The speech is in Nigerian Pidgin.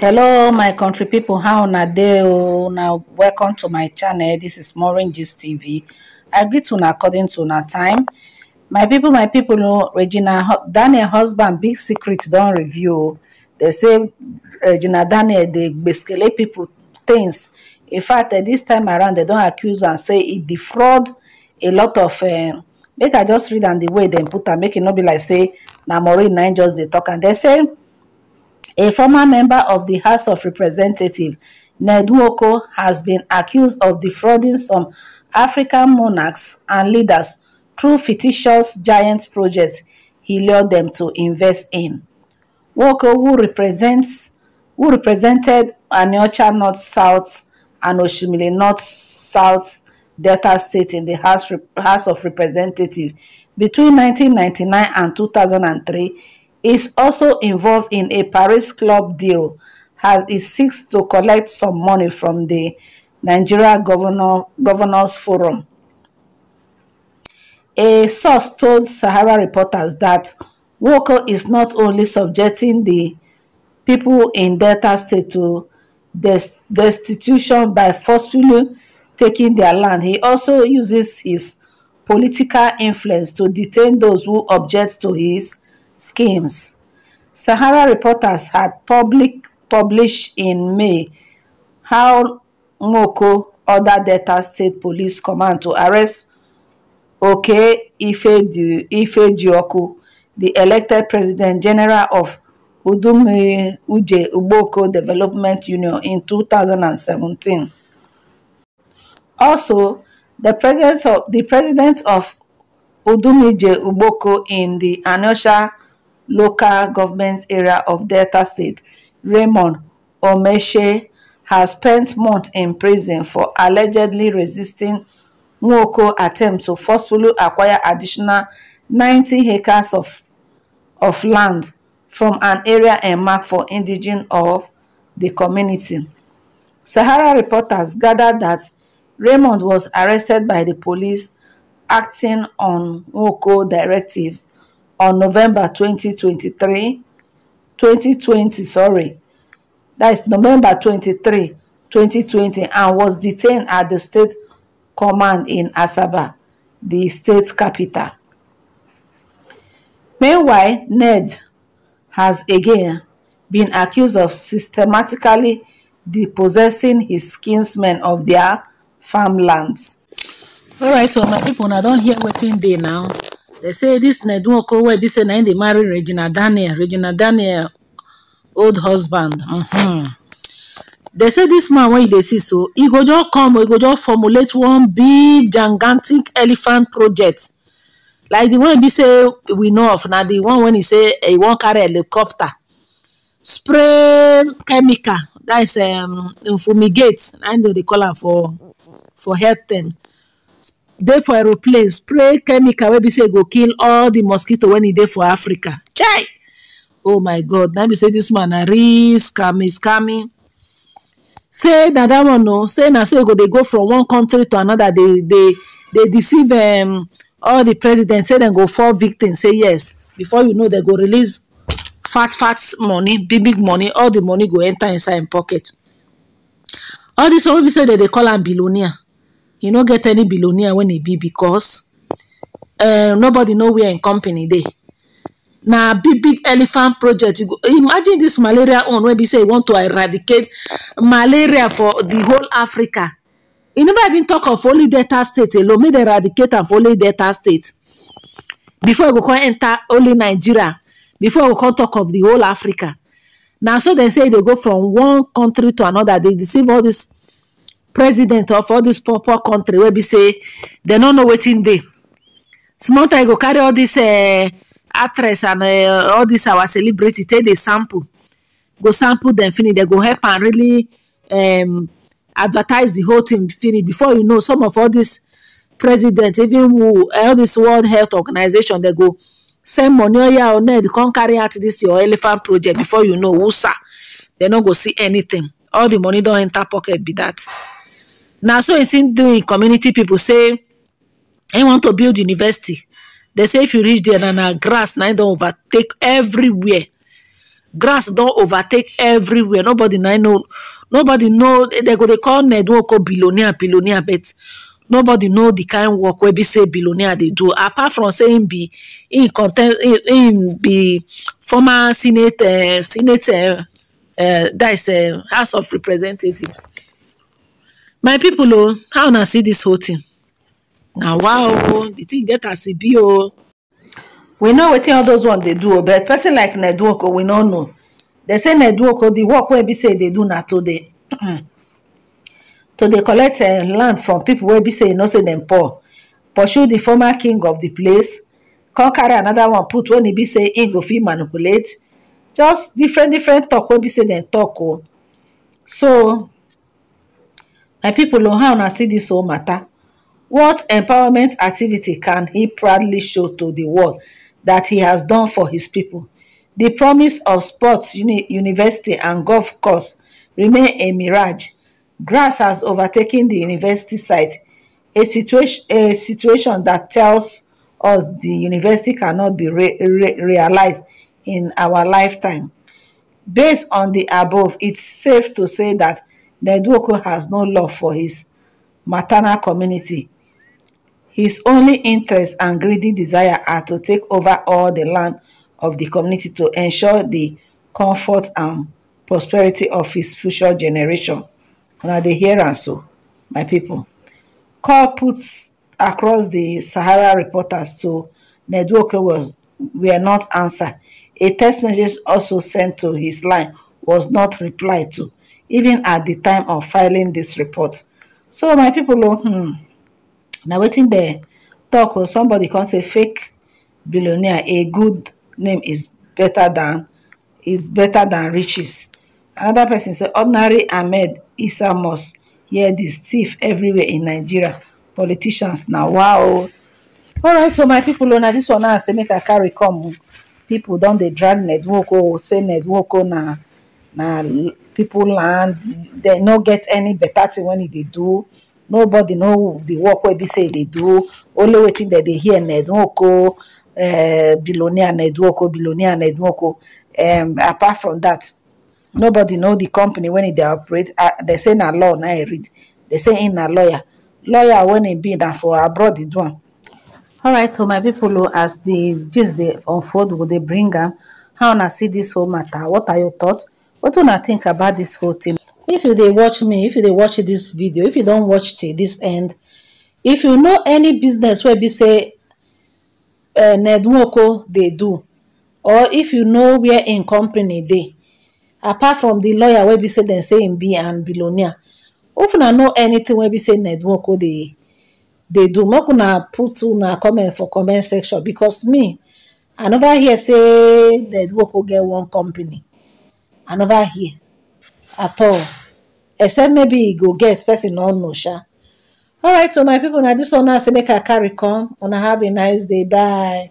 hello my country people. how una dey o oh? na welcome to my channel This is morin gist tv i greet una according to una time my people, my pipo oh, regina daniel husband big secret don review oh. They say regina daniel They gbesele people things in fact eh, this time around they don't accuse and say it defraud a lot of eh, make i just read am the way they put am make it e not be like say na morin nine just they talk and they say A former member of the House of Representatives, Ned has been accused of defrauding some African monarchs and leaders through fictitious giant projects he lured them to invest in. Nwoko, who represents who represented Aniocha North South and Oshimile North South Delta State in the House, House of Representatives between 1999 and 2003 is also involved in a Paris club deal as he seeks to collect some money from the Nigeria Governor, Governors Forum. A source told Sahara reporters that Woko is not only subjecting the people in Delta State to destitution by forcefully taking their land, he also uses his political influence to detain those who object to his schemes. Sahara reporters had public published in May how Moko ordered Delta State Police Command to arrest Oke Ifedu, the elected president general of Udume Uje Uboko Development Union in 2017. Also, the presence of the president of Udumije Uboko in the Anosha local government area of delta state raymond omeshe has spent months in prison for allegedly resisting nwoko attempt to forcefully acquire additional 90 acres of, of land from an area earmarked for indigenous of the community. Sahara reporters gathered that Raymond was arrested by the police acting on Nwoko directives on November 2023, 2020, sorry, that is November 23, 2020, and was detained at the state command in Asaba, the state capital. Meanwhile, Ned has again been accused of systematically depossessing his kinsmen of their farmlands. All right, so my people, I don't hear waiting there now they say dis nedwoko wey be say na im dey marry regina daniel regina daniel old husband mm-hmm. they say this man wey you dey see so he go just come he go just formulate one big gigantic elephant project like the one be say we know of na the one when he say he wan carry helicopter spray chemical that is um fumigate na im dem dey call am for for health terms dey for aeroplane spray chemical wey be say e go kill all the mosquito wen e dey for africa chai oh my god na be say this man na real scammy scammy say na that one no. Oh, say na so e go dey go from one country to anoda dey deceive um, all the president. say dem go fall victim say yes before you know dem go release fat fat money big big money all the money go enter inside im pocket all dis one wey be say dem dey call am billionaire you no get any billionaire when it be because eh, nobody know where in company they. Now big big elephant project you go imagine this malaria on when we say want to eradicate malaria for the whole africa You never even talk of only delta state alone me eradicate and for only delta state before e go come enter only nigeria before e go come talk of the whole africa Now so they say they go from one country to another. They deceive all these. president of all dis poor poor country wey be say dem no know wetin dey small time go carry all dis eh, actress and eh, all dis our celebrity take dey sample go sample dem finish dem go help am really um, advertise the whole thing finish before you know some of all dis president even who eh, all this world health organization dem go send money oya oh, or oh, ned come carry out this your elephant project before you know wusa dem no go see anything all the money don enter pocket be that na so e still do community people say im want to build university They say if you reach there na na grass na im don overtake everywhere grass don overtake everywhere nobody na know nobody know They go dey call nedwoko billionaire billionaire but nobody know the kind work wey be say billionaire dey do apart from say im be im be former senate eh, senate dice eh, eh, house of representatives my people o how na see this whole thing na wow the thing get as e be o we know wetin all those ones they do but person like nedwoko we no know they say nedwoko the work where be say they do not today, dey to dey collect eh, land from people where be say e say them poor pursue the former king of the place come another one put when he be say im go fit manipulate just different different talk wey be say dem talk oh, so My people, on how now see this whole matter? What empowerment activity can he proudly show to the world that he has done for his people? The promise of sports, uni university, and golf course remain a mirage. Grass has overtaken the university site, a, situation, a situation that tells us the university cannot be re re realized in our lifetime. Based on the above, it's safe to say that Neduoko has no love for his maternal community. His only interest and greedy desire are to take over all the land of the community to ensure the comfort and prosperity of his future generation. Now they hear and so, my people. Call puts across the Sahara reporters to Nedwoke was were not answered. A text message also sent to his line was not replied to. even at the time of filing this report so my people, oh hmm na wetin dem tok oh somebody come say fake billionaire a good name is better than is better than riches Another person say ordinary ahmed isa must hear dis thief everywhere in nigeria politicians now wow All right, so my people, oh na dis one now say make a carry come pipo don dey drag nedwoko oh, say nedwoko oh, na na people land dem no get any better thing when e dey do nobody know the work wey be say e dey do only wetin dem dey hear nedwoko eh, bilonia nedwoko bilonia nedwoko um, apart from that nobody know the company when e dey operate dem ah, say na law na e read dem say im na lawyer lawyer when e be na for abroad e do am. right, so oh, my pipo oh, as di gist dey unfold we dey bring am how una see this whole matter what are your thoughts What do I think about this whole thing if you they watch me if you they watch this video if you don't watch till dis end if you know any business where be say eh, ned nwoko dey do or if you know where in company they, apart from the lawyer where be say they say in B and Bologna, if una know anything where be say ned they they do make una put una comment for comment section because me i never hear say ned get one company i never hear at all except maybe e go get person no know sha right, so my people now. This one now say make a carry come Wanna have a nice day bye